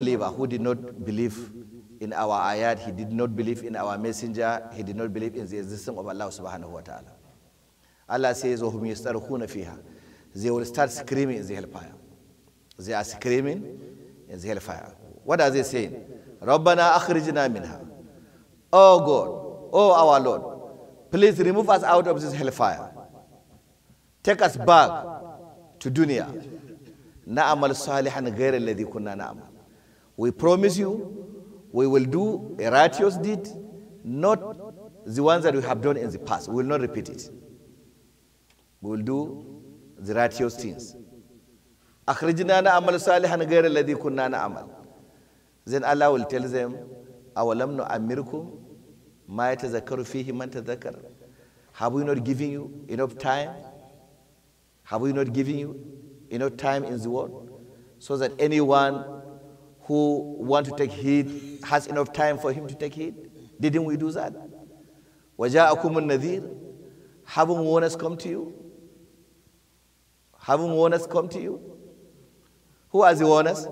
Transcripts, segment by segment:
believer who did not believe in our ayat, he did not believe in our messenger, he did not believe in the existence of Allah subhanahu wa ta'ala. Allah says, وَهُمْ يَسْتَرْخُونَ فِيهَا They will start screaming in the hellfire. They are screaming in the hellfire. What are they saying? رَبَّنَا أَخْرِجْنَا minha. Oh God, oh our Lord, please remove us out of this hellfire. Take us back to dunya. نَعْمَلْ صَالِحًا غَيْرَ الَّذِي كُنَّا نَعْمَلْ we promise you, we will do a righteous deed, not the ones that we have done in the past. We will not repeat it. We will do the righteous things. أخرجنا الذي كنا Then Allah will tell them, أولم نعمركم ما يتذكر فيه من تذكر. Have we not given you enough time? Have we not given you enough time in the world so that anyone who want to take heed has enough time for him to take heed? Didn't we do that? وَجَاءَكُمُ النَّذِيرُ Haven't warners come to you? Haven't warners come to you? Who are the warners?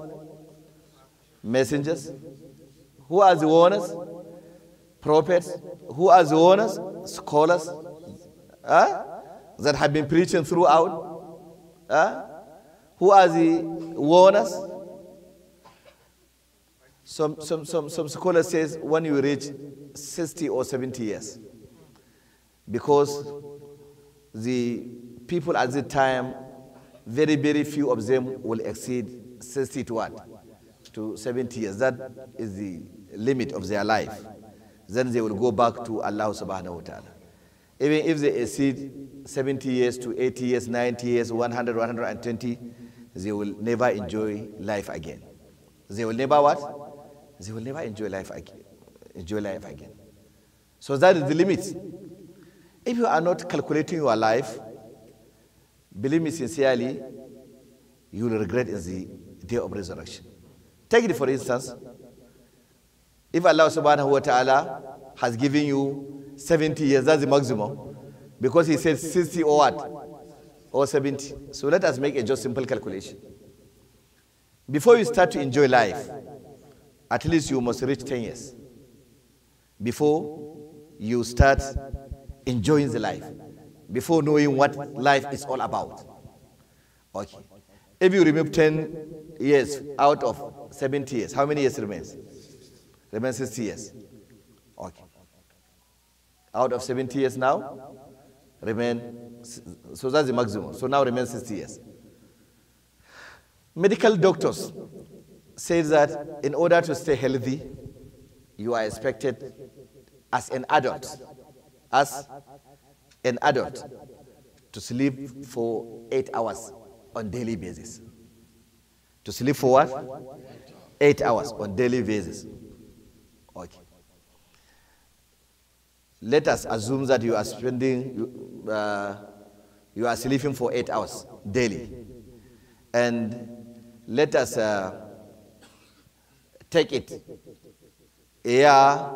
Messengers. Who are the warners? Prophets. Who are the warners? Scholars. Huh? That have been preaching throughout. Huh? Who are the warners? Some, some, some, some scholar says when you reach 60 or 70 years. Because the people at the time, very, very few of them will exceed 60 to what? To 70 years. That is the limit of their life. Then they will go back to Allah subhanahu wa ta'ala. Even if they exceed 70 years to 80 years, 90 years, 100, 120, they will never enjoy life again. They will never what? they will never enjoy life again. Enjoy life again. So that is the limit. If you are not calculating your life, believe me sincerely, you will regret in the day of resurrection. Take it for instance. If Allah subhanahu wa ta'ala has given you 70 years, that's the maximum. Because he said 60 or what? Or 70. So let us make a just simple calculation. Before you start to enjoy life, at least you must reach 10 years before you start enjoying the life, before knowing what life is all about. Okay. If you remove 10 years out of 70 years, how many years remains? Remains 60 years. Okay. Out of 70 years now, remain, so that's the maximum. So now remains 60 years. Medical doctors, says that in order to stay healthy, you are expected as an adult, as an adult, to sleep for eight hours on daily basis. To sleep for what? Eight hours on daily basis. Okay. Let us assume that you are spending, uh, you are sleeping for eight hours daily. And let us. Uh, Take it. A year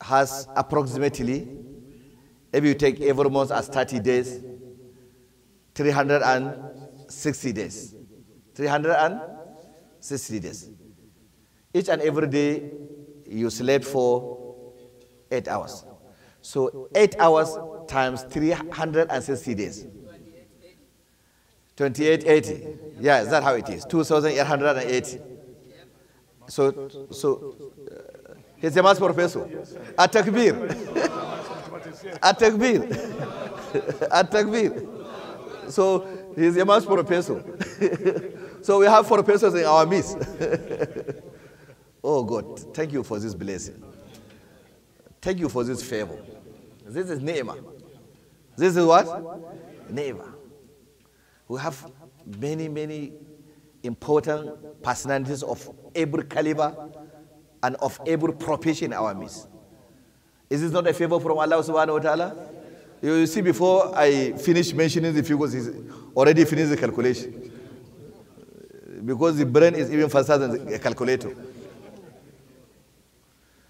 has approximately, if you take every month as 30 days, 360 days. 360 days. Each and every day you sleep for eight hours. So eight hours times 360 days. 2880. Yeah, is that how it is? 2880. So, so uh, he's a maths professor. At takbir. At takbir. At takbir. So he's a maths professor. so we have four professors in our midst. oh God, thank you for this blessing. Thank you for this favor. This is Neema. This is what? Neema. We have many, many important personalities of every caliber and of every profession our midst. Is this not a favor from Allah subhanahu wa ta'ala? You see, before I finish mentioning the figures, he's already finished the calculation. Because the brain is even faster than the calculator.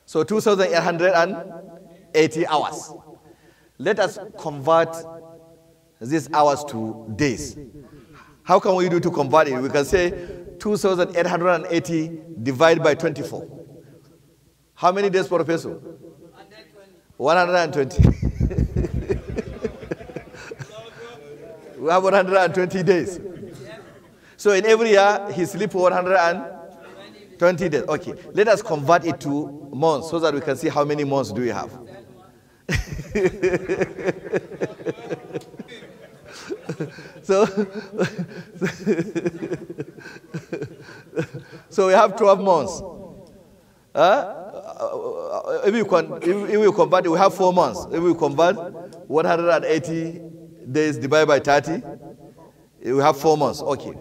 So 2,880 hours. Let us convert these hours to days. How can we do to convert it? We can say 2,880 divided by 24. How many days for a peso? 120. we have 120 days. So in every year, he sleep 120 days. Okay, let us convert it to months so that we can see how many months do we have. so, so we have 12 months. Uh, if, you con- if, if, you convert, we have four months. If we convert 180 days divided by 30, we have four months. Okay.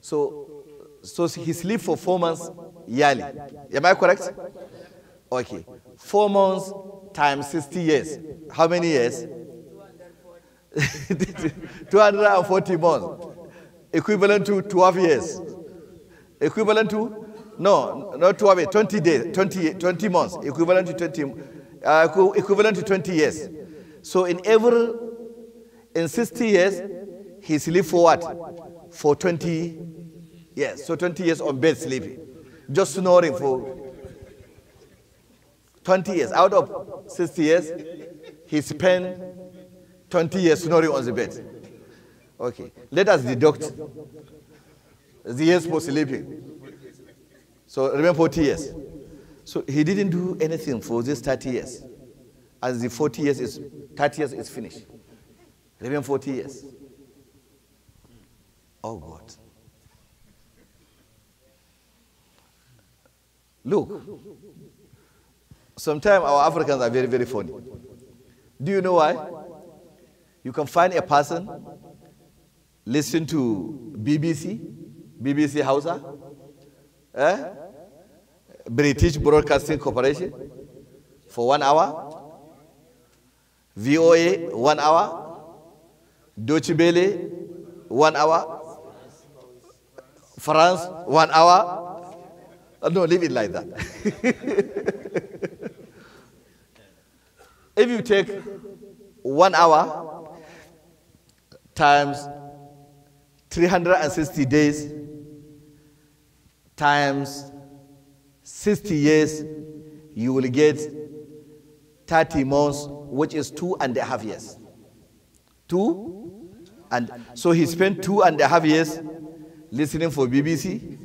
So, so he sleep for four months yearly. Am I correct? Okay. Four months times 60 years. How many years? 240 months equivalent to 12 years. Equivalent to, no, not 12 years, 20 days, 20, 20 months, equivalent to 20, uh, equivalent to 20 years. So in every, in 60 years, he sleep for what? For 20 years. So 20 years on bed sleeping, just snoring for 20 years. Out of 60 years, he spent 20 years snoring on the bed. Okay. Let us deduct the years for sleeping. So remember 40 years. So he didn't do anything for these 30 years. As the 40 years is 30 years is finished. Remember 40 years. Oh God. Look. Sometimes our Africans are very, very funny. Do you know why? You can find a person listen to BBC, BBC Hausa, eh? British Broadcasting Corporation for one hour, VOA one hour, Deutsche Welle one hour, France one hour. Uh, no, leave it like that. if you take one hour times 360 days times 60 years, you will get 30 months, which is two and a half years. Two and so he spent two and a half years listening for BBC,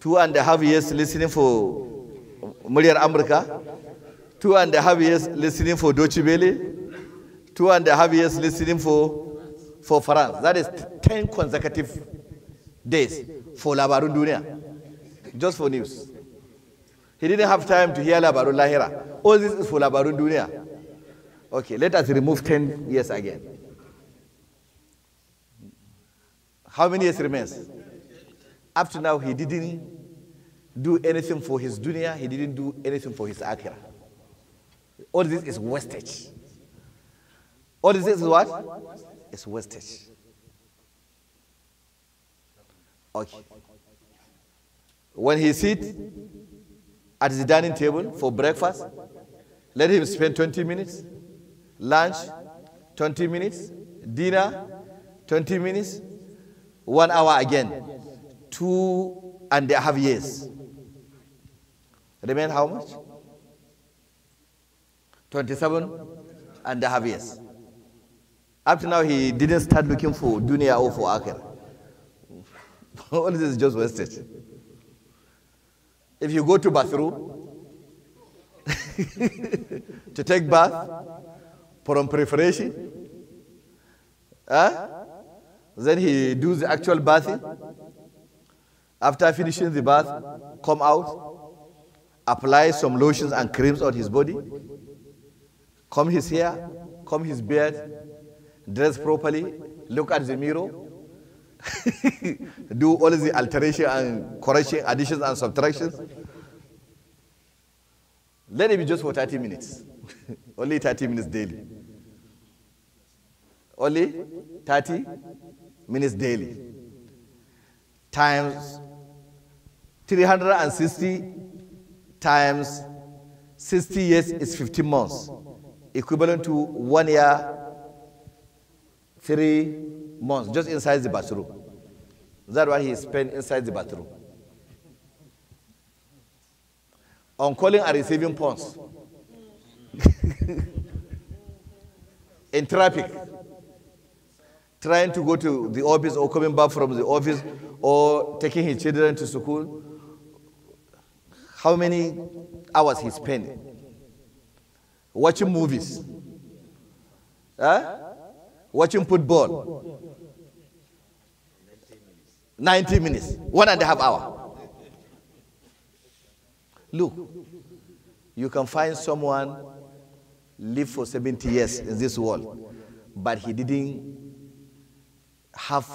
two and a half years listening for Muryar America, two and a half years listening for Deutsche Welle, two and a half years listening for for France. That is 10 consecutive days for Labarun Dunia, just for news. He didn't have time to hear Labarun Lahira. All this is for Labarun Dunia. Okay, let us remove 10 years again. How many years remains? Up to now, he didn't do anything for his dunya, he didn't do anything for his akira. All this is wastage. All this is what? is wasted. Okay. When he sits at the dining table for breakfast, let him spend 20 minutes, lunch 20 minutes, dinner 20 minutes, one hour again, two and a half years. Remain how much? 27 and a half years. Up to now, he didn't start looking for dunya or for akhirah. All this is just wasted. If you go to bathroom to take bath from preparation, huh? then he do the actual bathing. After finishing the bath, come out, apply some lotions and creams on his body, comb his hair, comb his beard, dress properly, look at the mirror, do all the alteration and correction, additions and subtractions. Let it be just for 30 minutes. Only 30 minutes daily. Only 30 minutes daily. Times 360 times 60 years is 15 months, equivalent to one year three months just inside the bathroom. That's why he spent inside the bathroom. On calling and receiving phones. in traffic. Trying to go to the office or coming back from the office or taking his children to school. How many hours he spent watching movies? Huh? watching football. 90 minutes, one and a half hour. Look, you can find someone live for 70 years in this world, but he didn't have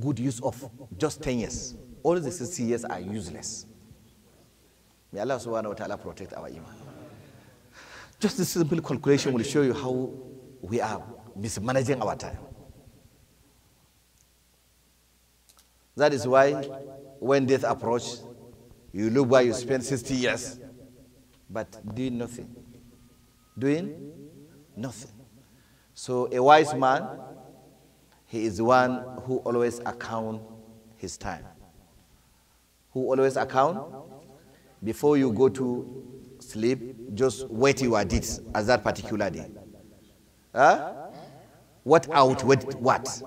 good use of just 10 years. All the 60 years are useless. May Allah subhanahu wa ta'ala protect our iman. Just a simple calculation will show you how we are mismanaging our time. That is why when death approaches, you look where you spend 60 years, but doing nothing. Doing nothing. So a wise man, he is one who always account his time. Who always account? Before you go to sleep, just wait your deeds as that particular day. Huh? What outweighed what?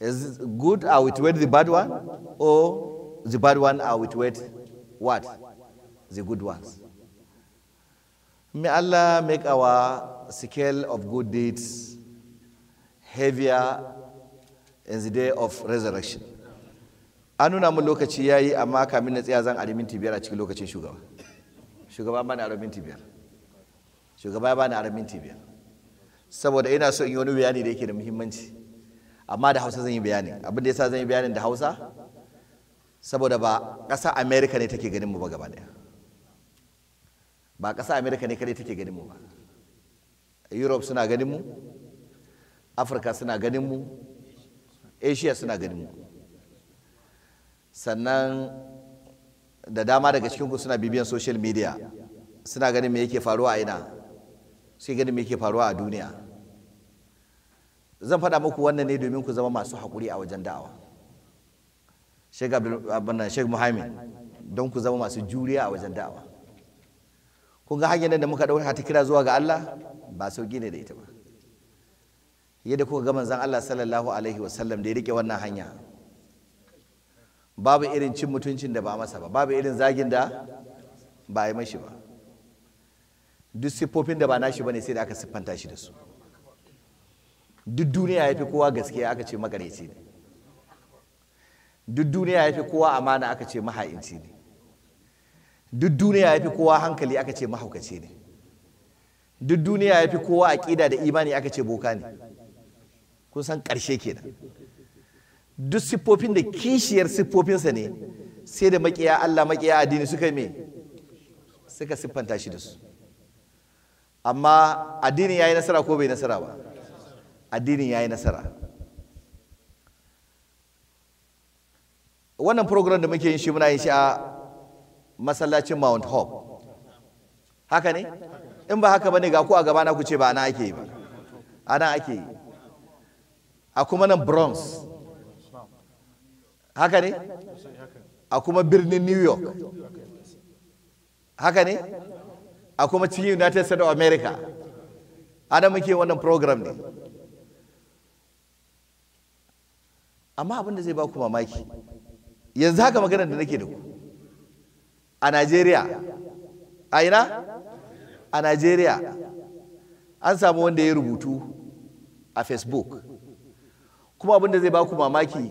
Is good outweighed the bad one? Or the bad one outweighed what? The good ones. May Allah make our scale of good deeds heavier in the day of resurrection. An nuna mun lokaci ya yi amma kamin na tsaya zan a minti biyar a cikin lokacin shugaba. Shugaba bani a minti biyar. Shugaba bani a minti biyar. saboda ina so in yi wani bayani da yake da muhimmanci amma da hausa zan yi bayani abin da yasa zan yi bayanin da hausa saboda ba ƙasa Amerika ne take ganin mu ba gaba daya ba ƙasa Amerika ne kadai take ganin mu ba europe suna ganin mu afirka suna ganin mu asia suna ganin mu sannan da dama daga cikinku suna bibiyan social media suna ganin me yake faruwa a ina sai ganin me ke faruwa a duniya zan faɗa muku wannan ne domin ku zama masu haƙuri a wajen da'awa Sheikh Abdul Sheikh Muhammad don ku zama masu juriya a wajen da'awa kun ga hanyar da muka ɗauka ta kira zuwa ga Allah ba sauki ne da ita ba yadda kuka ga manzon Allah sallallahu alaihi wasallam da ya rike wannan hanya babu irin cin mutuncin da ba masa ba babu irin zagin da ba yi mashi ba duk siffofin da ba nashi bane sai da aka siffanta shi da su duk duniya ya fi kowa gaskiya aka ce magareci ne duk duniya ya fi kowa amana aka ce maha'inci ne duk duniya ya fi kowa hankali aka ce mahaukaci ne duk duniya ya fi kowa aƙida da imani aka ce boka ne kun san ƙarshe kenan duk siffofin da kishiyar siffofinsa ne sai da maƙiya Allah maƙiya addini suka me suka siffanta shi da su amma addini ya yi nasara ko bai nasara ba addini ya yi nasara wannan program da muke yin shi muna yin shi a masallacin mount hope haka ne in ba haka ba ne ga ku a gabana ku ce ba ana ake yi ba ana ake yi a kuma nan bronx haka ne a kuma birnin new york haka ne a kuma cikin united states of america ana muke wannan program ne amma abin da zai ba ku mamaki yanzu haka magana da nake da ku a najeriya a ina a najeriya an samu wanda ya rubutu a facebook kuma abin da zai ba ku mamaki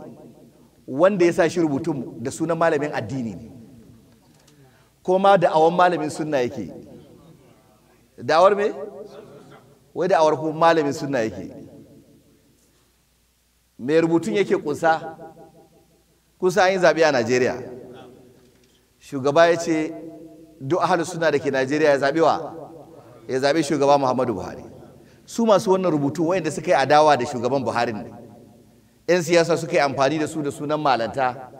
wanda ya sa shi rubutun da sunan malamin addini ne kuma da awon malamin sunna yake da'awar me wai da'awar kuma malamin sunna yake mai rubutun yake kusa kusa yin zaɓe a najeriya shugaba ya ce duk ahalu suna da ke najeriya ya zaɓe wa ya zaɓe shugaba muhammadu buhari su masu wannan rubutu wayanda suka yi adawa da shugaban buhari ne yan siyasa suka yi amfani da su da sunan malanta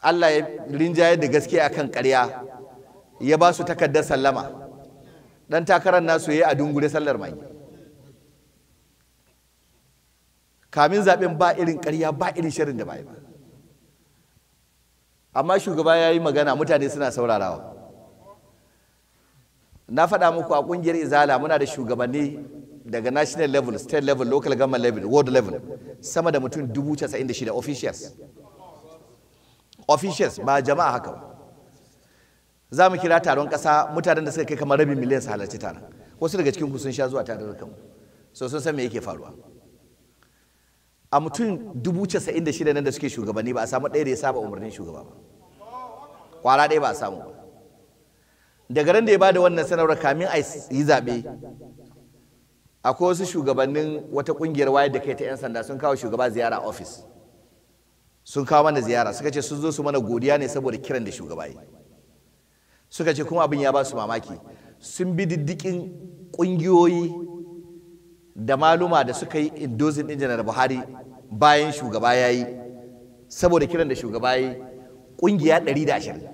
allah ya rinjayar da gaske akan karya ya ba su takardar sallama ɗan takarar nasu ya yi a dungure sallar mai kamin zaɓen ba irin karya ba irin shirin da ba ba amma shugaba ya yi magana mutane suna saurarawa na faɗa muku a ƙungiyar izala muna da shugabanni daga national level state level local government level world level sama da mutum 96 officials officials ba jama'a haka ba za mu kira taron ƙasa mutanen da suka kai kamar rabin miliyan su halarci taron wasu daga cikin sun sha zuwa da kanmu so sun san me yake faruwa a mutum dubu casa'in da shida nan da suke shugabanni ba a samu ɗaya da ya saba umarnin shugaba ba kwara ɗaya ba a samu ba daga ran da ya bada wannan sanarwar kamin a yi zaɓe akwai wasu shugabannin wata ƙungiyar wayar da kai ta 'yan sanda sun kawo shugaba ziyara ofis sun kawo mana ziyara suka ce sun zo su mana godiya ne saboda kiran da shugaba yi suka ce kuma abin ya ba su mamaki sun bi diddikin ƙungiyoyi da maluma da suka yi indozin ɗin janar buhari bayan shugaba ya yi saboda kiran da shugaba ya yi ƙungiya 120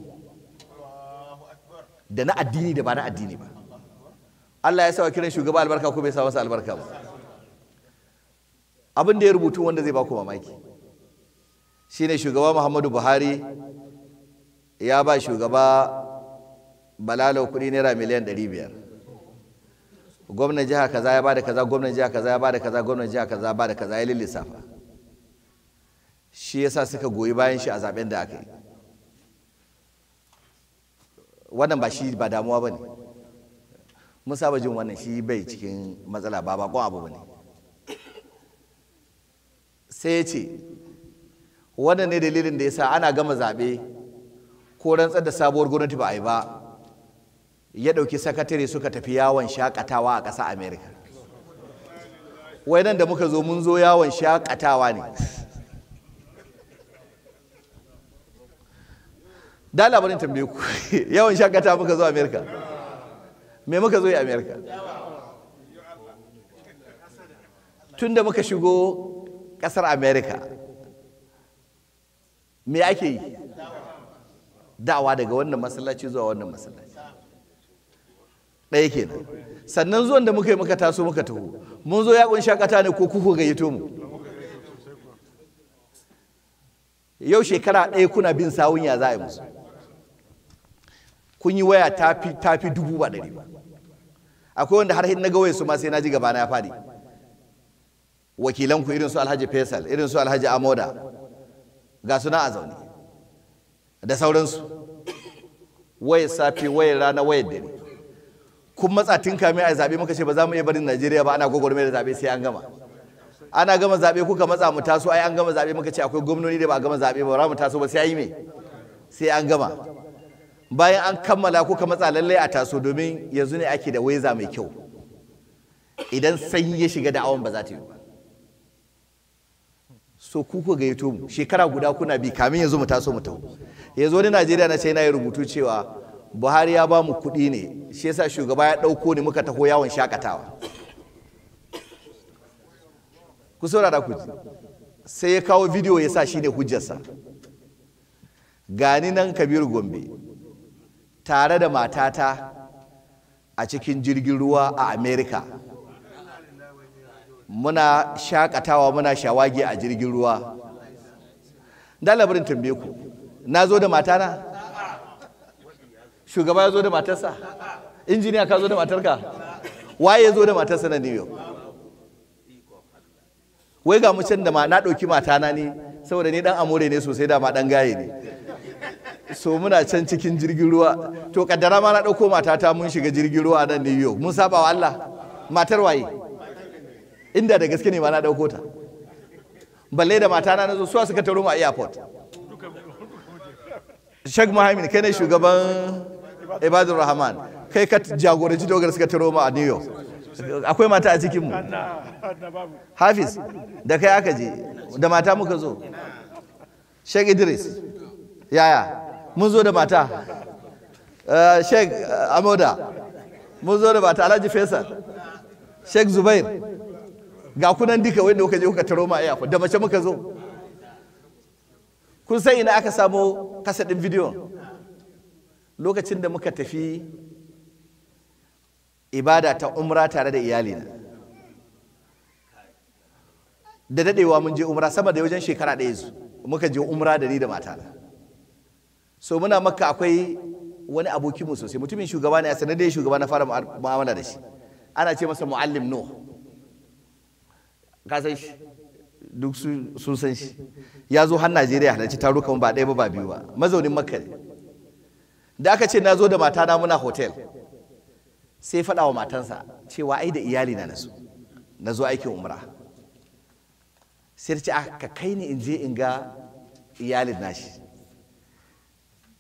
da na addini da ba na addini ba Allah ya sawa kiran shugaba albarka ko bai sa masa albarka ba abin da ya rubutu wanda zai baku mamaki Shi ne shugaba Muhammadu Buhari ya ba shugaba balalau kuɗi naira miliyan ɗari biyar gwamnan jiha kaza ya bada kaza gwamnan jiha kaza ya bada kaza gwamnan jiha kaza ya bada kaza ya lissafa shi yasa suka goyi bayan shi a zaben da aka yi wannan ba shi ba damuwa ba ne mun saba jin wannan shi bai cikin matsala ba bakon abu ba ne sai ya ce wannan ne dalilin da ya sa ana gama zaɓe ko rantsar da sabuwar gwamnati ba a yi ba ya ɗauki sakatare suka tafi yawon shakatawa a ƙasa Amerika. wai nan da muka zo mun zo yawon shakatawa ne da labarin tambaye ku yawon shakatawa muka zo Amerika. me muka zo yi Amerika? tun da muka shigo ƙasar Amerika, me ake yi dawa daga wannan masallaci zuwa wannan masallaci ɗaya kenan sannan zuwan da muka yi muka taso muka taho mun zo yaƙon shakata ne ko kuku gayyato mu yau shekara ɗaya kuna bin sawun ya za a yi musu kun yi waya ta fi dubu ba ɗari ba akwai wanda har na gawai su ma sai na ji gaba na ya faɗi wakilanku irin su alhaji faisal irin su alhaji amoda ga suna a zaune da sauransu waye safi waye rana waye dare kun matsa tun kame a zaɓe muka ce ba za mu iya barin Najeriya ba ana mai da zaɓe sai an gama ana gama zaɓe kuka matsa mu taso ai an gama zaɓe muka ce akwai gwamnoni da ba gama zaɓe ba ba mu taso ba sai yi me sai an gama bayan an kammala kuka matsa lallai a taso domin yanzu ne ake da waiza mai kyau idan sanyi ya shiga da'awan ba za ta yi so ku ku gayyato mu shekara guda kuna bi kamin yanzu mu taso mu taho yanzu wani Najeriya na ce na yi rubutu cewa buhari ya ba mu kuɗi ne shi yasa shugaba ya ɗauko ne muka taho yawon shakatawa ku saurara ku sai ya kawo bidiyo ya sa shi ne hujjarsa gani nan kabiru gombe tare da matata a cikin jirgin ruwa a Amerika. muna shakatawa muna shawagi a jirgin ruwa da labarin tambaye ku na zo da matana shugaba ya zo da matarsa injiniya ka zo da matarka waye ya zo da matarsa na new york wai ga mu can da ma na ɗauki matana ne saboda ni dan amore ne sosai da ma dan gaye ne so muna can cikin jirgin ruwa to kaddara ma na ɗauko matata mun shiga jirgin ruwa nan new york mun saba wa allah matar waye inda da gaske ne ma na ɗauko ta balle da matana na zo suwa suka taro mu a airport Sheikh Muhammad kai ne shugaban ibadur rahman kai ka jagoranci dogar suka taro mu a new york akwai mata a cikin mu hafiz da kai aka je da mata muka zo sheikh idris yaya mun zo da mata eh, sheikh eh, amoda mun zo da mata alhaji faisal sheikh zubair ga kunan duka wanda kuka je kuka taro ma a da mace muka zo kun san ina aka samo kasadin bidiyon lokacin da muka tafi ibada ta umra tare da iyalina da dadewa mun je umra sama da wajen shekara ɗaya zu muka je umra da ni da matana so muna maka akwai wani abokin mu sosai mutumin shugaba ne a sanadai shugaba na fara mu'amala da shi ana ce masa mu'allim no ka san shi duk sun san shi ya zo har najeriya halarci taruka ba ɗaya ba ba biyu ba mazaunin makka ne da aka ce na zo da matana muna hotel sai faɗa wa matansa cewa ai da iyali na nasu na zo aikin umra sai ta ce aka ah, kai ni in je in ga iyalin nashi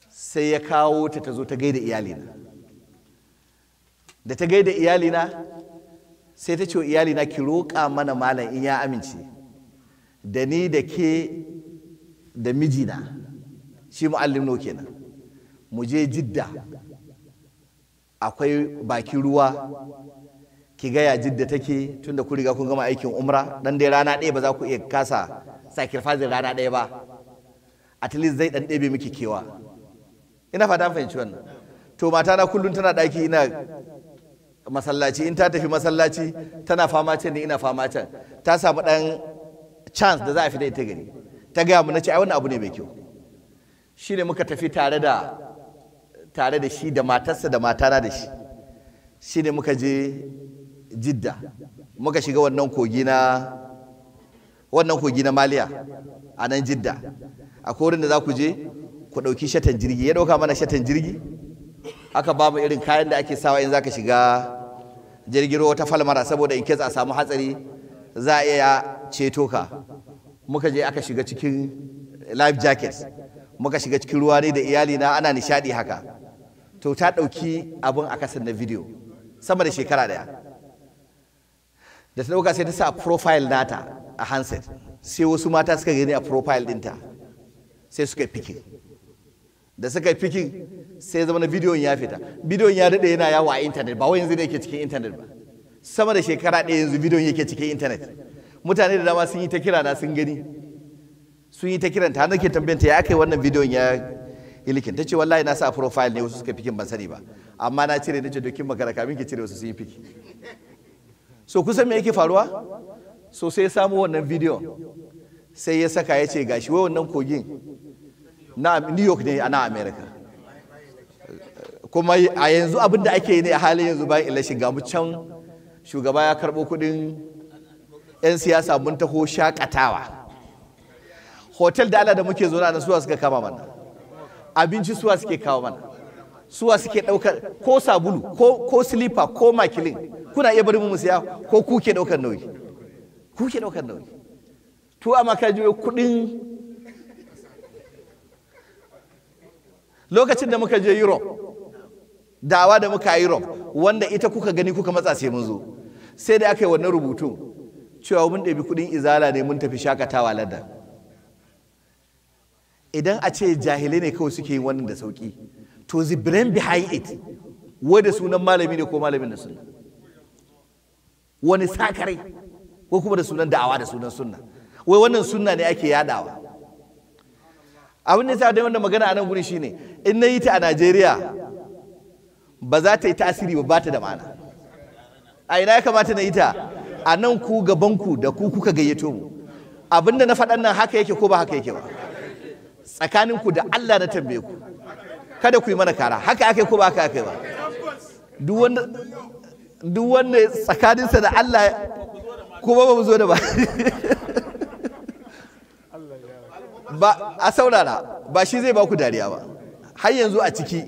sai ya kawo ta ta zo ta gaida iyalina da ta gaida iyalina sai ta ce wa iyalina ki roƙa mana malam in ya amince da ni da ke da mijina shi mu'allim no kenan mu je jidda akwai bakin ruwa ki gaya jidda take tunda ku riga kun gama aikin umra dan dai rana ɗaya ba za ku iya kasa sacrifice rana ɗaya ba at least zai dan ɗebe miki kewa ina fata fahimci wannan to mata na kullum tana daki ina masallaci in ta tafi masallaci tana fama can ne ina fama can ta samu dan chance da za a fi da ita gari ta gaya mu na ce ai wannan abu ne mai kyau shine muka tafi tare da tare da shi da matarsa da matana da shi shi ne muka je jidda muka shiga wannan kogi na wannan kogi na maliya a nan jidda a korin da za ku je ku ɗauki shatan jirgi ya ɗauka mana shatan jirgi aka ba mu irin kayan da ake sawa in za ka shiga jirgin ruwa ta falmara saboda in a samu hatsari za a iya ceto ka muka je aka shiga cikin life jacket muka shiga cikin ruwa ne da iyali na ana nishadi haka to ta ɗauki abin a kasar na video sama da shekara daya da ta ɗauka sai ta sa profile nata a handset sai wasu mata suka gani a profile ɗinta sai suka fikin da suka fikin sai zama na video ya fita video ya daɗe yana yawo a intanet ba wai yanzu ne yake cikin intanet ba sama da shekara ɗaya yanzu ya yake cikin intanet mutane da dama sun yi ta kira na sun gani sun yi ta kiranta hannun ke tambayanta ya aka yi wannan video ya ilikin ta ce wallahi na sa profile ne wasu suka fikin ban sani ba amma na cire nace dokin magana kamin ki cire wasu sun yi fiki so kusan me yake faruwa so sai ya samu wannan bidiyon sai ya saka ya ce gashi wai wannan kogin na New York ne a na America kuma a yanzu abin da ake yi ne a halin yanzu bayan election ga mu can shugaba ya karɓo kuɗin 'yan siyasa mun taho shakatawa hotel da ala da muke zuwa na suwa suka kama mana abinci suwa suke kawo mana suwa suke ɗaukar ko sabulu ko ko silifa ko makilin kuna iya bari mu siya ko kuke daukar nauyi kuke daukar nauyi to amma ka jiyo kuɗin lokacin da muka je Europe dawa da muka yi Europe wanda ita kuka gani kuka matsa sai mun zo sai da aka yi wannan rubutu cewa mun ɗabi kuɗin izala ne mun tafi shakatawa ladan idan a ce jahilai ne kawai suke yi wannan da sauki to the brain behind it da sunan malami ne ko malamin na sunna wani sakarai ko kuma da sunan da'awa da sunan sunna wai wannan sunna ne ake yadawa abin da yasa dai wannan magana a nan guri shine in na yi ta a Najeriya ba za ta yi tasiri ba ba ta da ma'ana a ina ya kamata na yi ta a nan ku gaban ku da ku kuka gayyato mu abin da na faɗan nan haka yake ko ba haka yake ba tsakaninku da Allah na tambaye ku kada ku yi mana kara haka ake ko ba haka ake ba duk wanda tsakaninsa da Allah ko ba mu zo da ba ba a saurara ba shi zai ba ku dariya ba har yanzu a ciki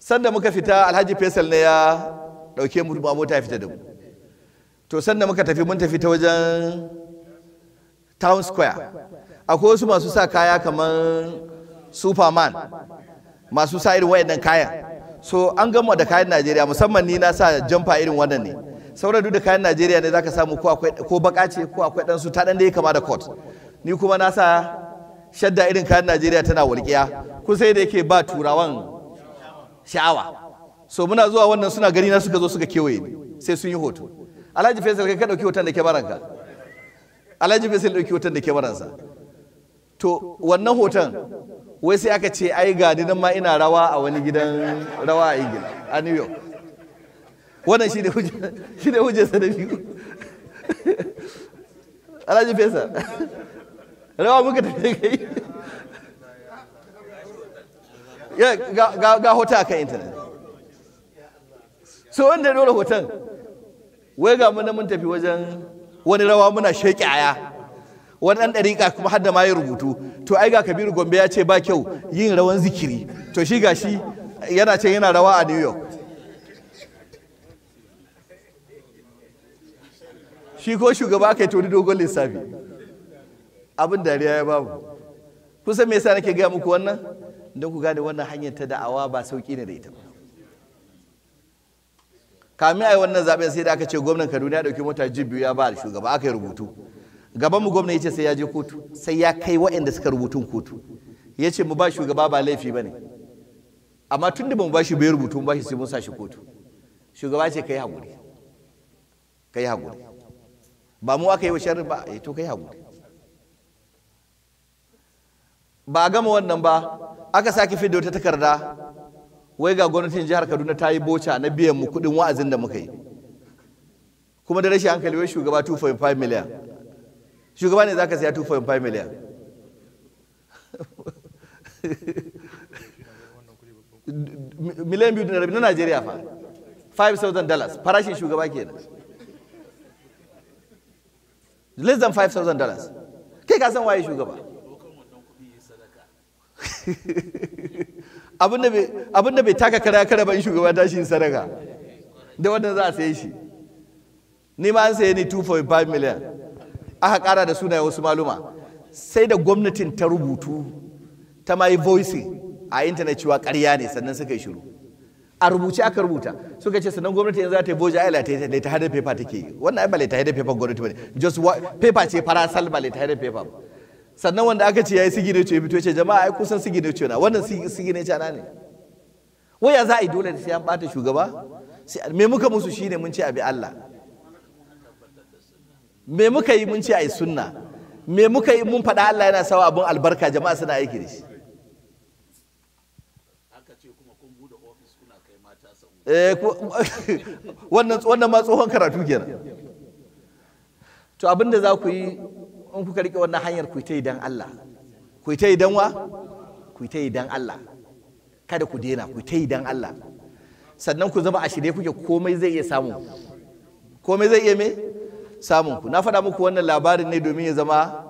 sanda muka fita alhaji faisal ne ya dauke mu ba mota fita da mu to sanda muka tafi mun tafi ta wajen town square akwai wasu masu sa kaya kamar superman masu sa irin wayannan kayan so an gama da kayan najeriya musamman ni na sa jamfa irin wannan ne sauran duk da kayan najeriya ne zaka samu ko akwai ko baka ce ko akwai dan su ta dan ya kama da court ni kuma na sa shadda irin kayan najeriya tana walƙiya kun sai da yake ba turawan sha'awa so muna zuwa wannan suna gani na suka zo suka kewaye ni sai sun yi hoto alhaji faisal kai ka dauki hoton da ke baranka alhaji faisal dauki hoton da ke baransa to wannan hoton wai sai aka ce ai ga ni ma ina rawa a wani gidan rawa a ingila a new york wannan shi ne shi ne hujjarsa da biyu alhaji fesa rawa muka tafi kai ga hoton a kan intanet so wanda ya dora hoton wai ga mu mun tafi wajen wani rawa muna sheƙi aya wani ɗan ɗariƙa kuma har ma ya rubutu to ai ga kabiru gombe ya ce ba kyau yin rawan zikiri to shi ga shi yana ce yana rawa a new york shi ko shugaba ka yi tori dogon lissafi abin dariya ya babu kusan me yasa nake gaya muku wannan don ku gane wannan hanyar ta da'awa ba sauki ne da ita ba kamin a yi wannan zaɓen sai da aka ce gwamnan kaduna ya ɗauki mota jib ya ba shugaba aka yi rubutu gaban mu gwamna yace sai ya je kotu sai ya kai waɗanda suka rubutun kotu yace mu ba shugaba ba laifi bane amma tunda ba mu ba shi bai rubutu mu ba shi sai mun sa shi kotu shugaba ce kai hakuri kai hakuri ba mu aka yi wa sharri ba eh to kai hakuri ba gama wannan ba aka sake fidda wata takarda wai ga gwamnatin jihar Kaduna ta yi boca na biyan mu kuɗin wa'azin da muka yi kuma da rashin hankali wai shugaba 2.5 miliyan shugaba ne za ka siya 2.5 miliyan miliyan biyu da rabi na najeriya fa 5,000 dollars farashin shugaba nan less than 5,000 dollars kai ka san waye shugaba abin da bai taka kara kara ba in shugaba ta shi sadaka da wannan za a saye shi ni ma an saye ne 2.5 miliyan aka ƙara da sunaye wasu maluma sai da gwamnatin ta rubutu ta mai voicing a intanet cewa ƙarya ne sannan suka yi shiru a rubuce aka rubuta suka ce sannan gwamnati yanzu za ta yi boja ta yi. ta hada paper take wannan ai ba lati hadin paper gwamnati ne. just paper ce farasal ba ta hada paper ba sannan wanda aka ce yayi ne ce fito ce jama'a ai kusan ne ce na wannan ne ce na ne waya za a yi dole sai an bata shugaba sai me muka musu shine mun ce abi Allah me muka yi mun ce ai sunna me muka yi mun faɗa Allah yana sawa abun albarka jama'a suna aiki da shi eh, wannan ma tsohon karatu kenan to abin da za ku yi in kuka rike wannan hanyar ku ta yi Allah ku ta yi wa ku ta yi Allah kada ku daina ku ta yi Allah sannan ku zama a shirye kuke komai zai iya samu komai zai iya me samun ku na faɗa muku wannan labarin ne domin ya zama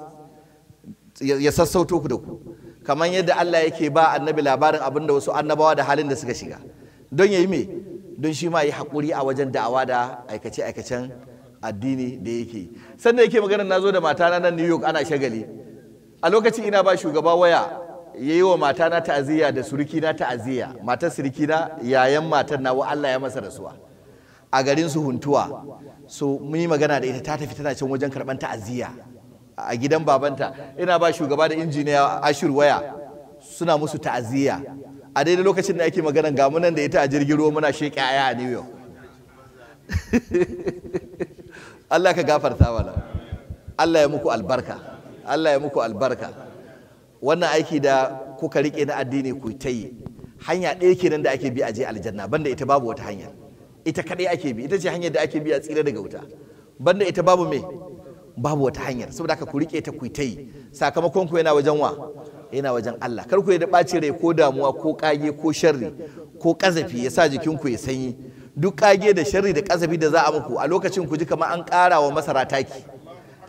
ya sassauto ku da ku kamar yadda Allah yake ba annabi labarin abin da wasu annabawa da halin da suka shiga don ya yi me don shi ma yi haƙuri a wajen da'awa da aikace aikacen addini da yake sannan yake magana na zo da matana nan New York ana shagali a lokacin ina ba shugaba waya ya yi wa matana ta'aziyya da surukina ta'aziyya matar surukina yayan matar na wa Allah ya masa rasuwa a garin su huntuwa so mun yi magana da ita ta tafi tana can wajen karɓar ta'aziyya a gidan babanta ina ba shugaba da injiniya ashir waya suna musu ta'aziyya a daidai lokacin da ake magana ga munan da ita a jirgin ruwa muna sheƙe aya a New York Allah ka gafarta mana Allah ya muku albarka Allah ya muku albarka wannan aiki da kuka riƙe na addini ku ta yi hanya ɗaya kenan da ake bi a je aljanna banda ita babu wata hanya ita kadai ake bi ita ce hanyar da ake bi a tsira daga wuta banda ita babu mai babu wata hanyar saboda haka ku rike ta ku ta yi sakamakon ku yana wajen wa yana wajen Allah kar ku da ɓaci rai ko damuwa ko kage ko sharri ko kazafi ya sa jikin ku ya sanyi duk kage da sharri da kazafi da za a muku a lokacin ku ji kamar an ƙara wa masara taki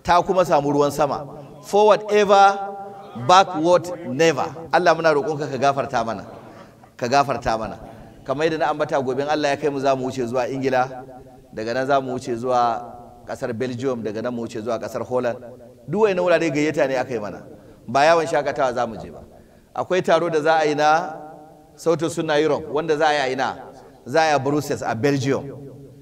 ta kuma samu ruwan sama forward ever backward never Allah muna roƙonka ka gafarta mana ka gafarta mana kamar yadda na ambata gobe Allah ya kai mu za mu wuce zuwa Ingila daga nan za mu wuce zuwa kasar Belgium daga nan mu wuce zuwa kasar Holland duk wani wurare gayyata ne aka yi mana ba yawon shakatawa za mu je ba akwai taro da za a yi na sautin suna Europe wanda za a yi a ina za a yi a Brussels a Belgium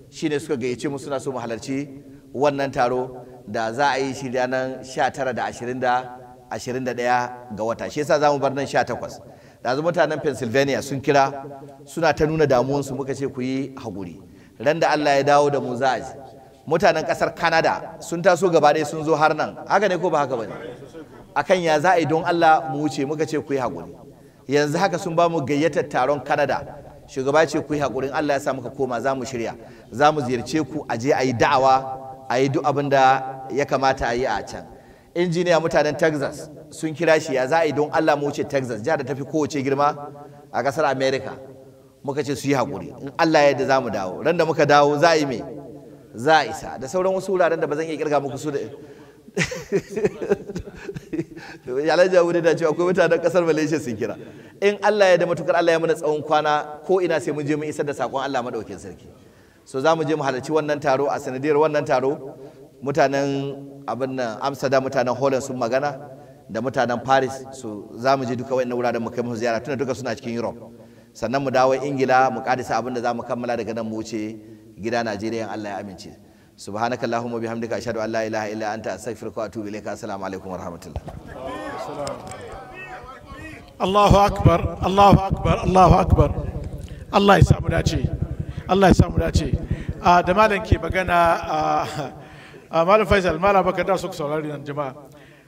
shine suka gayyace mu suna so mu halarci wannan taro da za a yi shi ranar 19 da 20 da 21 ga wata shi yasa za mu bar nan 18 yanzu mutanen Pennsylvania sun kira suna ta nuna damuwansu muka ce ku yi haƙuri ran da Allah ya dawo da mu za a ji mutanen kasar Canada sun taso gaba ɗaya sun zo har nan haka ne ko ba haka ba ne akan ya za a yi don Allah mu wuce muka ce ku yi haƙuri yanzu haka sun ba mu gayyatar taron Canada shugaba ce ku yi haƙurin Allah ya sa muka koma za mu shirya za mu ziyarce ku a je a yi da'awa a yi duk abin da ya kamata a yi a can injiniya mutanen texas sun kira shi ya za a yi don allah mu wuce texas jihar da tafi kowace girma a kasar america muka ce su yi haƙuri in allah ya yadda za mu dawo ran da muka dawo za a yi me za a isa da sauran wasu wuraren da ba zan iya kirga muku su da yalan jawo da cewa akwai mutanen kasar malaysia sun kira in allah ya da matukar allah ya mana tsawon kwana ko ina sai mun je mun isar da sakon allah madaukin sarki so za mu je mu halarci wannan taro a sanadiyar wannan taro mutanen abin nan amsterdam mutanen holland sun magana da mutanen paris su za mu je duka wani wuraren mu kai mu ziyara tunda duka suna cikin europe sannan mu dawo ingila mu kadisa abin da za mu kammala daga nan mu wuce gida najeriya in allah ya amince subhanaka allahumma bihamdika ashhadu an la ilaha illa anta astaghfiruka a atubu ilayka assalamu alaikum wa rahmatullah Allahu akbar Allahu akbar Allahu akbar Allah ya samu dace Allah ya samu dace a ah, da malam ke magana a ah, Ah, malam faisal malam baka da su saurari nan jama'a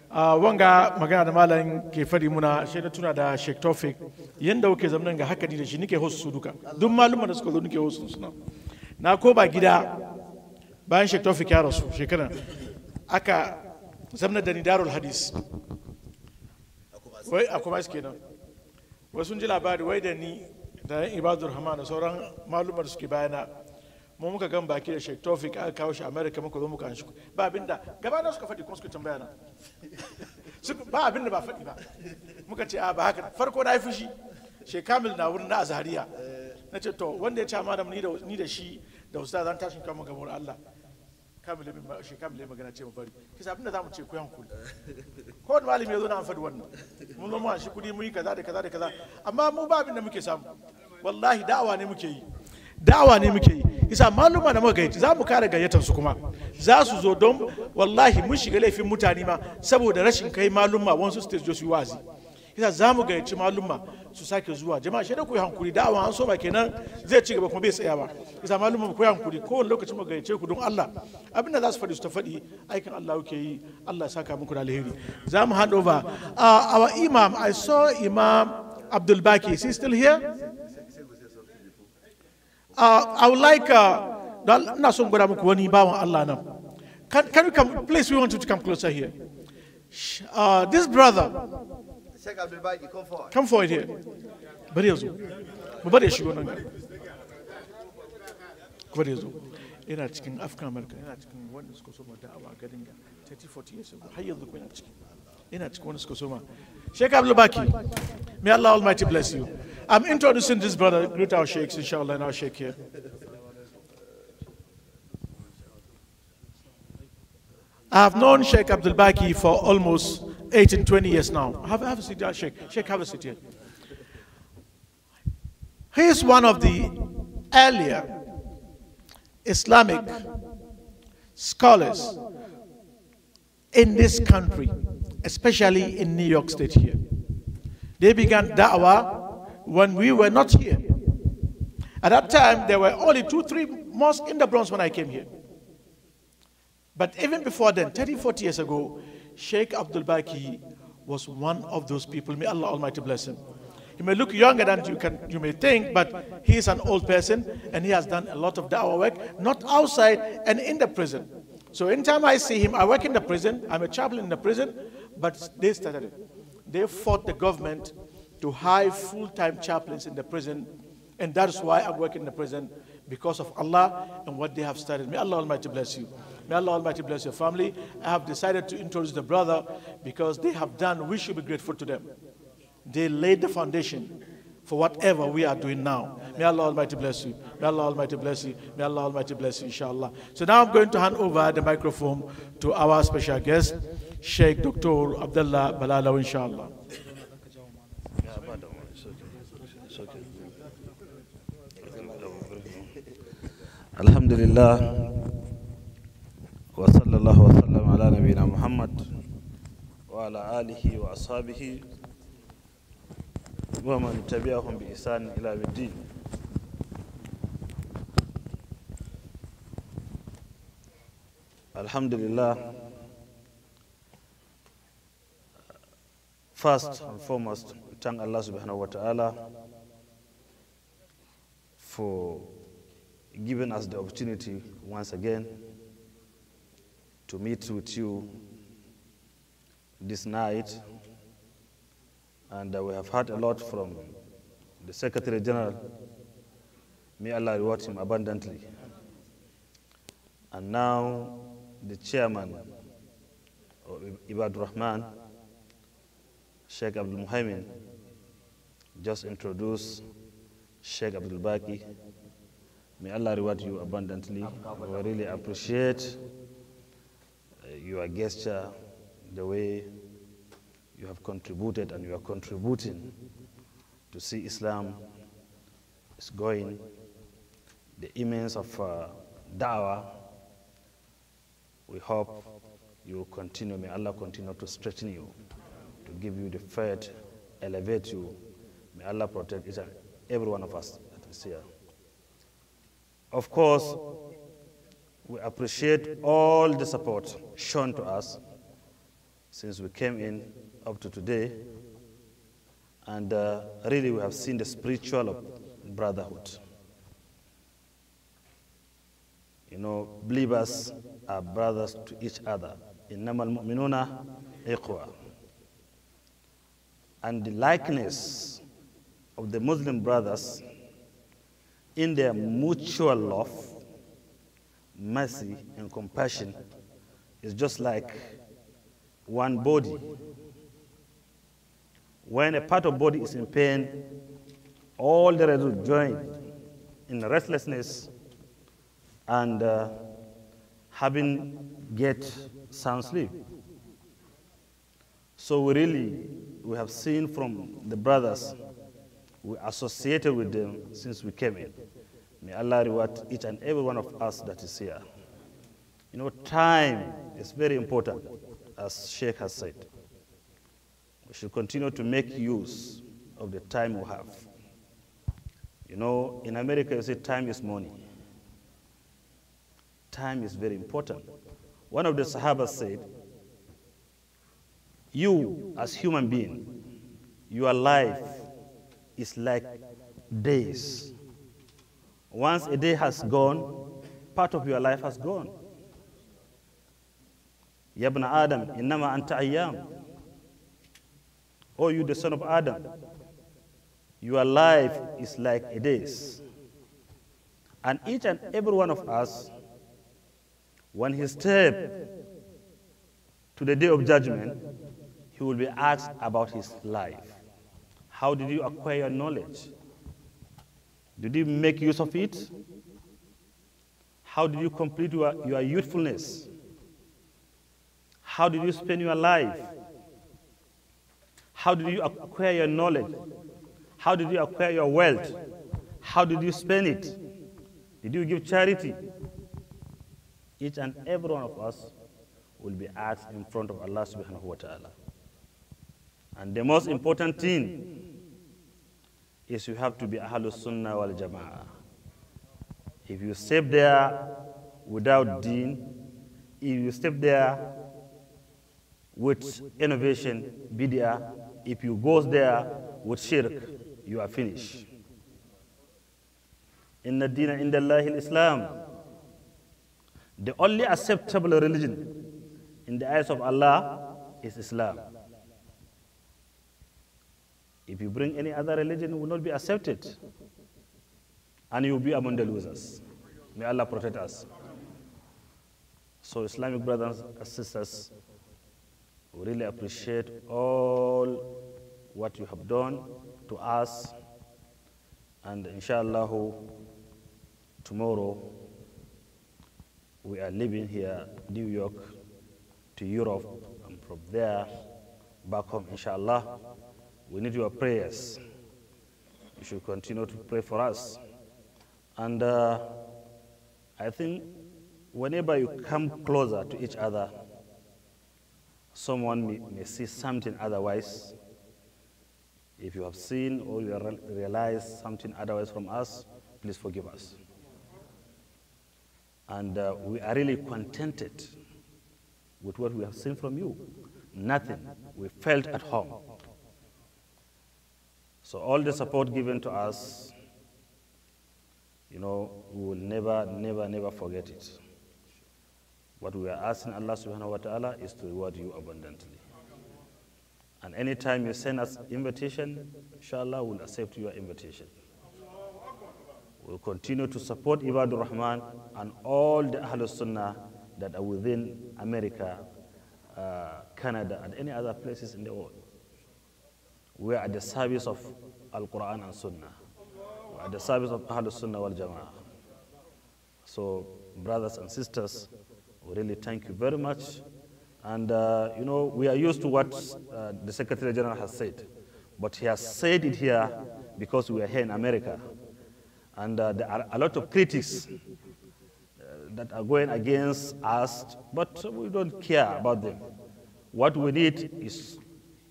A ah, wanga magana da malam ke fari muna shi na tuna da Sheikh tofik yanda kuke zamanin ga haka da shi nike hosu su duka duk malumma da suka zo nike hosu su nan na ko ba gida bayan Sheikh tofik ya rasu shekaran aka zamanin da ni darul hadis wai a kuma kenan wasu ji labari wai da ni da yan ibadur rahman da sauran malumar suke bayana mu muka gan baki da shek Tofik aka kawo shi America muka zo muka an shi ba gaba na suka faɗi kuma suka tambaya na ba da ba faɗi ba muka ce a ba haka farko na yi fushi shek Kamil na wurin na Azhariya na ce to wanda ya ci amma ni da ni da shi da ustaz zan tashin ga magabar Allah Kamil bin Kamil magana ce mu bari kisa abinda mu ce ku hankuli ko wani malami ya zo na an faɗi wannan mun zo mu an shi kudi yi kaza da kaza da kaza amma mu ba abinda muke samu wallahi da'awa ne muke yi dawa ne muke yi isa maluma da muka za mu kare gayyatar su kuma za su zo don wallahi mun shiga laifin mutane ma saboda rashin kai maluma wasu stage su yi wazi isa za mu gayyaci maluma su sake zuwa jama'a shi da ku yi hankuri dawa an so ba kenan zai ci gaba kuma bai tsaya ba isa maluma ku yi hankuri kowane lokacin mu gayyace ku don Allah abin da za su faɗi su ta faɗi aikin Allah yake yi Allah ya saka muku da alheri za mu hand over ah, our imam i saw imam abdul baki is he still here Uh, I would like, uh, can, can you come, please, we want you to come closer here. Uh, this brother, come forward here. But yazo. you. bari shigo nan. cikin African America, yana cikin wanda suka soma da'awa garin ga years ago. Har yanzu cikin. cikin suka soma. Baki. May Allah Almighty bless you. I'm introducing this brother. Greet our sheikhs, inshallah, and our sheikh here. I've known Sheikh Abdul Baki for almost 18, 20 years now. Have, have a seat Sheikh. Sheikh, have a seat here. He is one of the earlier Islamic scholars in this country, especially in New York State here. They began da'wah when we were not here. At that time, there were only two, three mosques in the Bronx when I came here. But even before then, 30, 40 years ago, Sheikh Abdul Baki was one of those people. May Allah Almighty bless him. He may look younger than you, can, you may think, but he is an old person and he has done a lot of da'wah work, not outside and in the prison. So anytime I see him, I work in the prison, I'm a chaplain in the prison, but they started it. They fought the government to hire full-time chaplains in the prison. And that's why i work in the prison, because of Allah and what they have started. May Allah Almighty bless you. May Allah Almighty bless your family. I have decided to introduce the brother because they have done, we should be grateful to them. They laid the foundation for whatever we are doing now. May Allah Almighty bless you. May Allah Almighty bless you. May Allah Almighty bless you, inshallah. So now I'm going to hand over the microphone to our special guest, Sheikh Dr. Abdullah Balalaw, inshallah. الحمد لله وصلى الله وسلم على نبينا محمد وعلى آله وأصحابه ومن تبعهم بإحسان إلى الدين الحمد لله First and foremost, we thank Allah subhanahu wa ta'ala for Given us the opportunity once again to meet with you this night. And uh, we have heard a lot from the Secretary General. May Allah reward him abundantly. And now the chairman, uh, Ibad Rahman, Sheikh Abdul Muhaymin, just introduced Sheikh Abdul Baki May Allah reward you abundantly. We really appreciate uh, your gesture, the way you have contributed and you are contributing to see Islam is going, the immense of uh, da'wah. We hope you will continue. May Allah continue to strengthen you, to give you the faith, elevate you. May Allah protect each and every one of us that is here. Of course, we appreciate all the support shown to us since we came in up to today. And uh, really, we have seen the spiritual brotherhood. You know, believers are brothers to each other. إنما المؤمنون إخوة. And the likeness of the Muslim brothers in their mutual love, mercy, and compassion is just like one body. When a part of body is in pain, all the rest join in restlessness and uh, having get sound sleep. So we really we have seen from the brothers we associated with them since we came in. May Allah reward each and every one of us that is here. You know, time is very important, as Sheikh has said. We should continue to make use of the time we have. You know, in America, you say time is money. Time is very important. One of the Sahaba said, You, as human being, your life is like days. Once a day has gone, part of your life has gone. Ya Adam, innama anta ayyam. Oh, you the son of Adam, your life is like a day's. And each and every one of us, when he steps to the day of judgment, he will be asked about his life. How did you acquire your knowledge? Did you make use of it? How did you complete your, your youthfulness? How did you spend your life? How did you acquire your knowledge? How did you acquire your wealth? How did you spend it? Did you give charity? Each and every one of us will be asked in front of Allah subhanahu wa ta'ala. And the most important thing is you have to be halal Sunnah wal Jama'ah. If you step there without deen, if you step there with innovation, bid'ah, if you go there with shirk, you are finished. In the deen in the Allah Islam, the only acceptable religion in the eyes of Allah is Islam. If you bring any other religion, it will not be accepted. And you will be among the losers. May Allah protect us. So, Islamic brothers and sisters, we really appreciate all what you have done to us. And inshallah, tomorrow we are leaving here, New York, to Europe, and from there back home, inshallah. We need your prayers. You should continue to pray for us. And uh, I think whenever you come closer to each other, someone may, may see something otherwise. If you have seen or you realize something otherwise from us, please forgive us. And uh, we are really contented with what we have seen from you. Nothing. We felt at home. So all the support given to us, you know, we will never, never, never forget it. What we are asking Allah subhanahu wa ta'ala is to reward you abundantly. And anytime you send us invitation, inshallah, we'll accept your invitation. We'll continue to support Ibadur Rahman and all the Ahlul Sunnah that are within America, uh, Canada, and any other places in the world. We are at the service of Al Quran and Sunnah. We are at the service of Ahlul Sunnah wal Jama'ah. So, brothers and sisters, we really thank you very much. And, uh, you know, we are used to what uh, the Secretary General has said. But he has said it here because we are here in America. And uh, there are a lot of critics uh, that are going against us, but we don't care about them. What we need is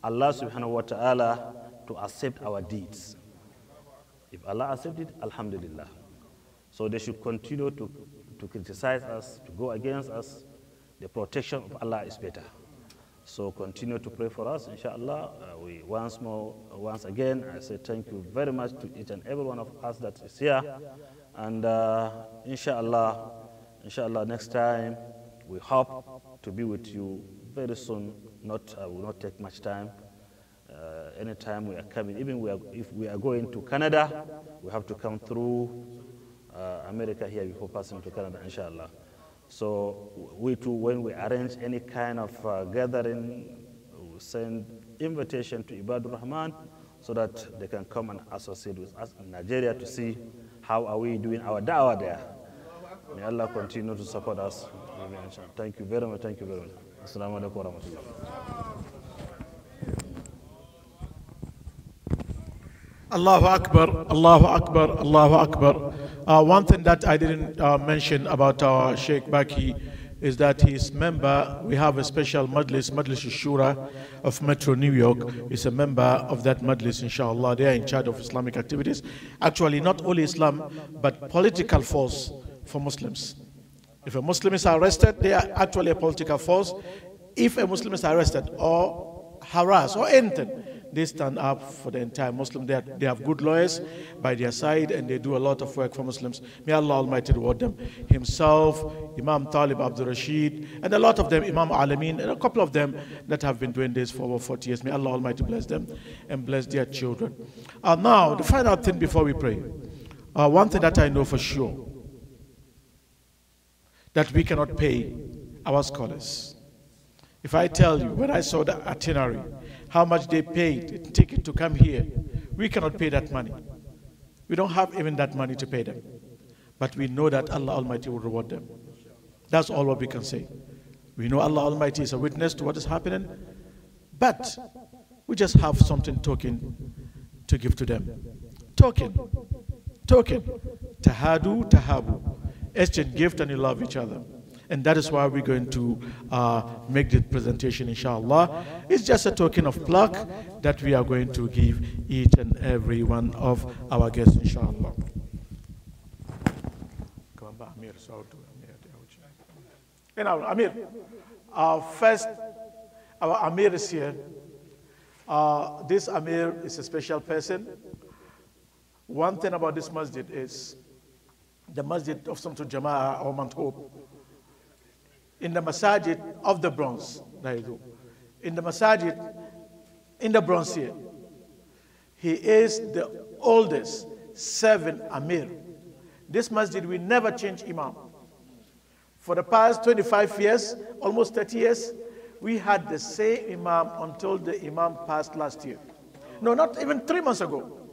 Allah subhanahu wa ta'ala to accept our deeds. If Allah accepted, it, Alhamdulillah. So they should continue to, to criticize us, to go against us. The protection of Allah is better. So continue to pray for us, inshallah. Uh, we once more, uh, once again, I say thank you very much to each and every one of us that is here. And uh, inshallah, inshallah, next time we hope to be with you very soon not, uh, will not take much time. Uh, anytime we are coming, even we are, if we are going to Canada, we have to come through uh, America here before passing to Canada, inshallah. So we too, when we arrange any kind of uh, gathering, we send invitation to Ibadur Rahman so that they can come and associate with us in Nigeria to see how are we doing our da'wah there. May Allah continue to support us. Thank you very much. Thank you very much. Allahu Akbar, Allahu Akbar, Allahu Akbar. Uh, one thing that I didn't uh, mention about our uh, Sheikh Baki is that he's member, we have a special Madlis, Madlis Shura of Metro New York. He's a member of that Majlis, inshallah. They are in charge of Islamic activities. Actually, not only Islam, but political force for Muslims. If a Muslim is arrested, they are actually a political force. If a Muslim is arrested or harassed or anything, they stand up for the entire Muslim. They, are, they have good lawyers by their side and they do a lot of work for Muslims. May Allah Almighty reward them. Himself, Imam Talib Abdul Rashid, and a lot of them, Imam Alameen, and a couple of them that have been doing this for over 40 years. May Allah Almighty bless them and bless their children. Uh, now, the final thing before we pray. Uh, one thing that I know for sure that we cannot pay our scholars. If I tell you, when I saw the itinerary, how much they paid ticket to come here, we cannot pay that money. We don't have even that money to pay them. But we know that Allah Almighty will reward them. That's all what we can say. We know Allah Almighty is a witness to what is happening, but we just have something token to give to them. Token. Token. Tahadu, tahabu exchange gift and you love each other. And that is why we're going to uh, make the presentation, inshallah. It's just a token of pluck that we are going to give each and every one of our guests, inshallah. And our Amir, our first, our Amir is here. Uh, this Amir is a special person. One thing about this masjid is the masjid of Samtu Jama'ah or Mount Hope, in the masjid of the bronze, in the masjid in the bronze here. He is the oldest seven Amir. This masjid will never change Imam. For the past 25 years, almost 30 years, we had the same Imam until the Imam passed last year. No, not even three months ago.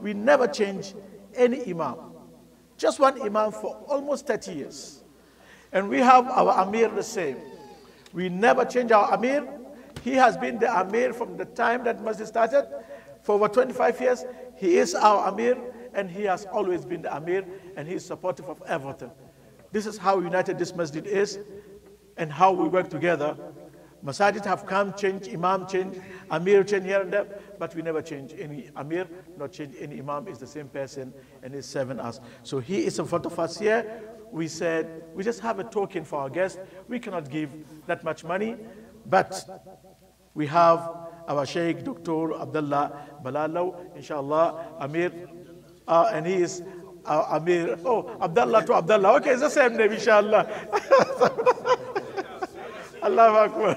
We never changed any Imam. Just one imam for almost 30 years. And we have our amir the same. We never change our amir. He has been the amir from the time that masjid started. For over 25 years, he is our amir, and he has always been the amir, and he is supportive of everything. This is how united this masjid is, and how we work together Masajid have come, change imam, change amir, change here and there, but we never change any amir, not change any imam. Is the same person and he's serving us. So he is in front of us here. We said we just have a token for our guest. We cannot give that much money, but we have our Sheikh Dr. Abdullah Balalaw, inshallah, Amir, uh, and he is uh, Amir. Oh, Abdullah to Abdullah. Okay, it's the same name, inshallah. আল্লাহ আকবর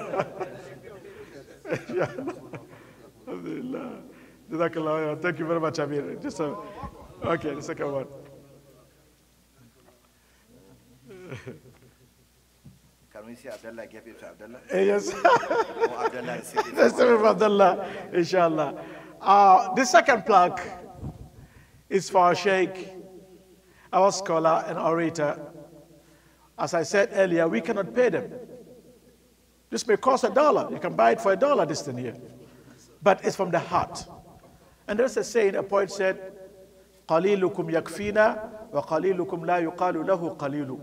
আলহামদুলিল্লাহ জাজাকাল্লাহ thank you very much আমির just Can we see Abdullah eh, Yes. oh, Abdullah, Abdullah, inshallah. Uh, the second plaque is for our Sheikh, our scholar and orator. As I said earlier, we cannot pay them. This may cost a dollar. You can buy it for a dollar this thing here. But it's from the heart. And there's a saying, a poet said, قَلِيلُكُمْ يَكْفِينَا وَقَلِيلُكُمْ لَا يُقَالُ لَهُ قَلِيلُ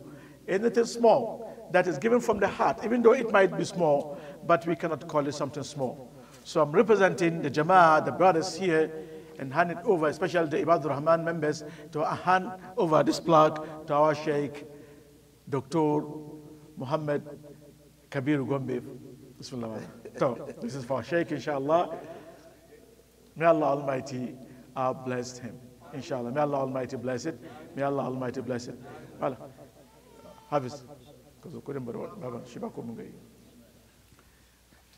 Anything small that is given from the heart, even though it might be small, but we cannot call it something small. So I'm representing the Jama'ah, the brothers here, and hand it over, especially the Ibadur Rahman members, to hand over this plaque to our Sheikh, Dr. Muhammad Kabir Gombe. Bismillah. So, this is for Sheikh, inshallah. May Allah Almighty uh, bless him, inshallah. May Allah Almighty bless it. May Allah Almighty bless it. Voilà. Hafiz.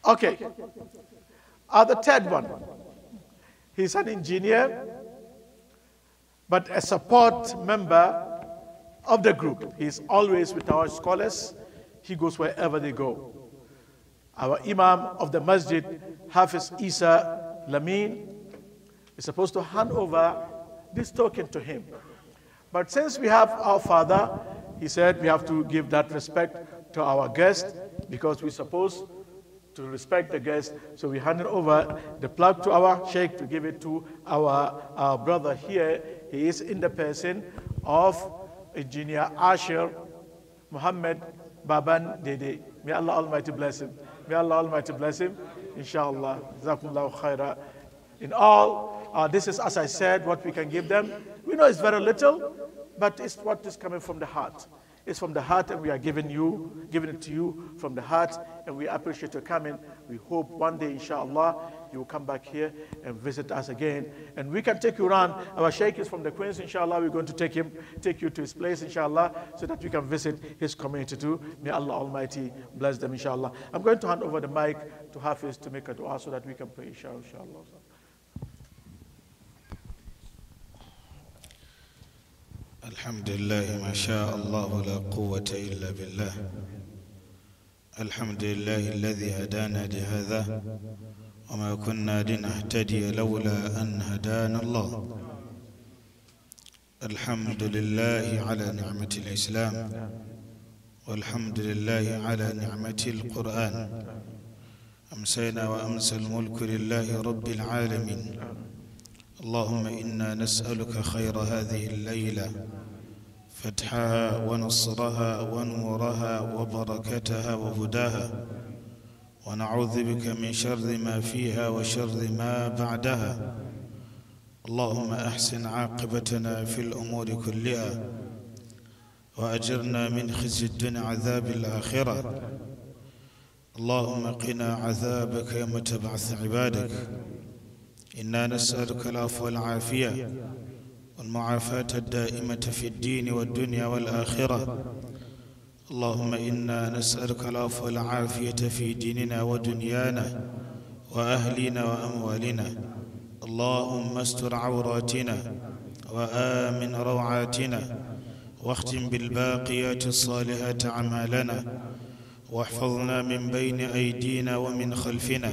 Okay. Uh, the third one. He's an engineer, but a support member of the group. He's always with our scholars. He goes wherever they go. Our Imam of the Masjid, Hafiz Isa Lamin, is supposed to hand over this token to him. But since we have our father, he said we have to give that respect to our guest because we're supposed to respect the guest. So we handed over the plug to our sheikh to give it to our, our brother here. He is in the person of engineer Asher Muhammad Baban Dede. May Allah Almighty bless him. May Allah Almighty bless him. Inshallah. Jazakumullahu khaira. In all, uh, this is, as I said, what we can give them. We know it's very little, but it's what is coming from the heart. It's from the heart, and we are giving you, giving it to you from the heart, and we appreciate your coming. We hope one day, inshallah, you will come back here and visit us again. And we can take you around. Our sheikh is from the Queens, inshallah. We're going to take him, take you to his place, inshallah, so that you can visit his community too. May Allah Almighty bless them, inshallah. I'm going to hand over the mic to Hafiz to make a dua so that we can pray, inshallah. الحمد لله ما شاء الله لا قوة إلا بالله الحمد لله الذي هدانا لهذا وما كنا لنهتدي لولا أن هدانا الله الحمد لله على نعمة الإسلام والحمد لله على نعمة القرآن أمسينا وأمسى الملك لله رب العالمين اللهم إنا نسألك خير هذه الليلة فتحها ونصرها ونورها وبركتها وهداها ونعوذ بك من شر ما فيها وشر ما بعدها اللهم احسن عاقبتنا في الامور كلها واجرنا من خزي الدنيا عذاب الاخره اللهم قنا عذابك يوم تبعث عبادك انا نسالك العفو والعافيه والمعافاه الدائمه في الدين والدنيا والاخره اللهم إنا نسألك العفو والعافية في ديننا ودنيانا وأهلنا وأموالنا اللهم استر عوراتنا وآمن روعاتنا واختم بالباقيات الصالحات أعمالنا واحفظنا من بين أيدينا ومن خلفنا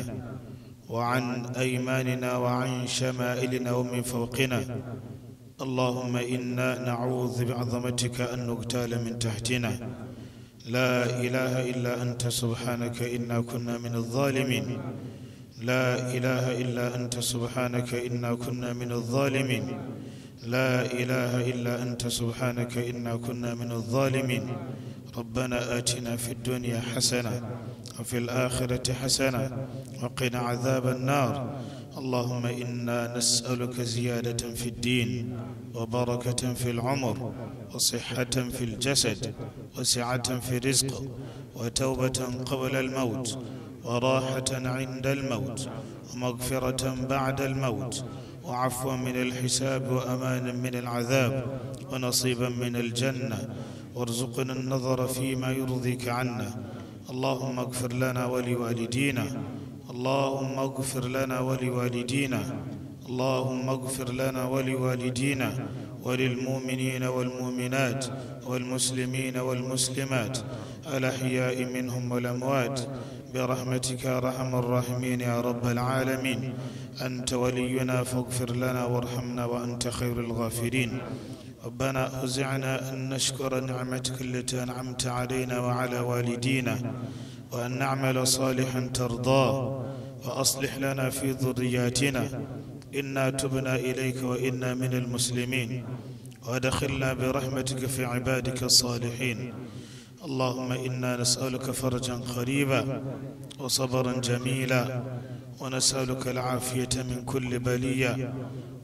وعن أيماننا وعن شمائلنا ومن فوقنا اللهم إنا نعوذ بعظمتك أن نغتال من تحتنا لا إله إلا أنت سبحانك إنا كنا من الظالمين لا إله إلا أنت سبحانك إنا كنا من الظالمين لا إله إلا أنت سبحانك إنا كنا من الظالمين ربنا آتنا في الدنيا حسنة وفي الآخرة حسنة وقنا عذاب النار اللهم إنا نسألك زيادة في الدين وبركة في العمر وصحة في الجسد وسعة في الرزق وتوبة قبل الموت وراحة عند الموت ومغفرة بعد الموت وعفوا من الحساب وأمانا من العذاب ونصيبا من الجنة وارزقنا النظر فيما يرضيك عنا اللهم اغفر لنا ولوالدينا اللهم اغفر لنا ولوالدينا اللهم اغفر لنا ولوالدينا وللمؤمنين والمؤمنات والمسلمين والمسلمات الأحياء منهم والأموات برحمتك يا أرحم الراحمين يا رب العالمين أنت ولينا فاغفر لنا وارحمنا وأنت خير الغافرين ربنا أوزعنا أن نشكر نعمتك التي أنعمت علينا وعلى والدينا وأن نعمل صالحا ترضاه وأصلح لنا في ذرياتنا إنا تبنا إليك وإنا من المسلمين وادخلنا برحمتك في عبادك الصالحين اللهم إنا نسألك فرجا قريبا وصبرا جميلا ونسألك العافية من كل بلية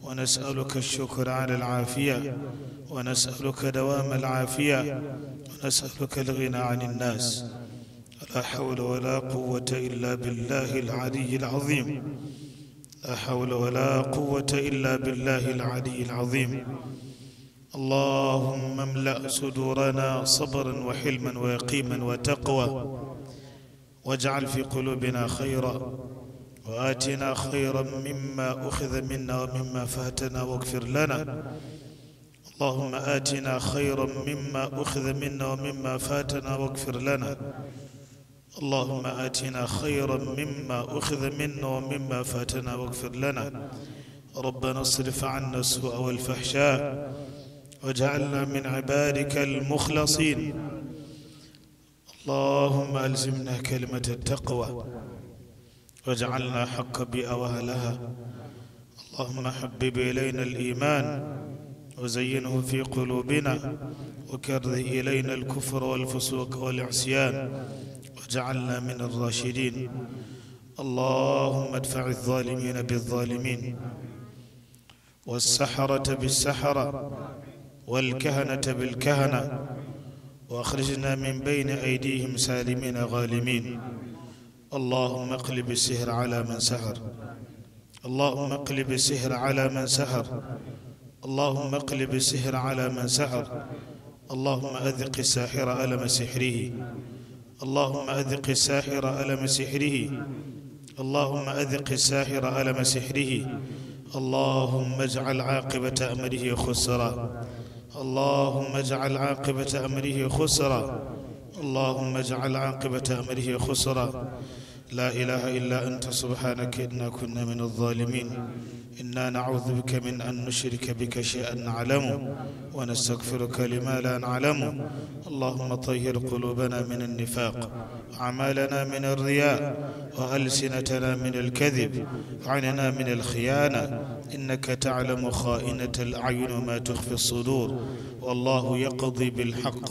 ونسألك الشكر على العافية ونسألك دوام العافية ونسألك الغنى عن الناس لا حول ولا قوة إلا بالله العلي العظيم لا حول ولا قوة إلا بالله العلي العظيم اللهم املأ صدورنا صبرا وحلما ويقيما وتقوى واجعل في قلوبنا خيرا وآتنا خيرا مما أخذ منا ومما فاتنا واغفر لنا اللهم آتنا خيرا مما أخذ منا ومما فاتنا واغفر لنا اللهم آتنا خيرا مما أخذ منا ومما فاتنا واغفر لنا ربنا اصرف عنا السوء والفحشاء واجعلنا من عبادك المخلصين اللهم ألزمنا كلمة التقوى واجعلنا حق وأهلها اللهم حبب إلينا الإيمان وزينه في قلوبنا وكره إلينا الكفر والفسوق والعصيان جعلنا من الراشدين اللهم ادفع الظالمين بالظالمين والسحرة بالسحرة والكهنة بالكهنة وأخرجنا من بين أيديهم سالمين غالمين اللهم اقلب السحر على من سحر اللهم اقلب السحر على من سحر اللهم اقلب السحر على من سحر اللهم أذق الساحر ألم سحره اللهم أذق الساحر ألم سحره اللهم أذق الساحر ألم سحره اللهم اجعل عاقبة أمره خسرا اللهم اجعل عاقبة أمره خسرا اللهم اجعل عاقبة أمره خسرا لا إله إلا أنت سبحانك إنا كنا من الظالمين إنا نعوذ بك من أن نشرك بك شيئا نعلمه ونستغفرك لما لا نعلمه اللهم طهر قلوبنا من النفاق أعمالنا من الرياء وألسنتنا من الكذب وعننا من الخيانة إنك تعلم خائنة الأعين وما تخفي الصدور والله يقضي بالحق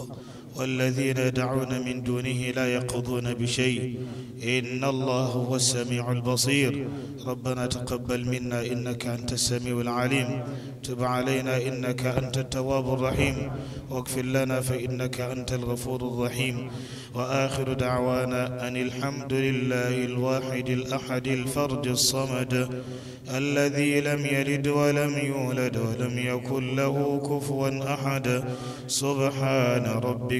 والذين يدعون من دونه لا يقضون بشيء إن الله هو السميع البصير ربنا تقبل منا إنك أنت السميع العليم تب علينا إنك أنت التواب الرحيم واغفر لنا فإنك أنت الغفور الرحيم وآخر دعوانا أن الحمد لله الواحد الأحد الفرد الصمد الذي لم يلد ولم يولد ولم يكن له كفوا أحد سبحان ربك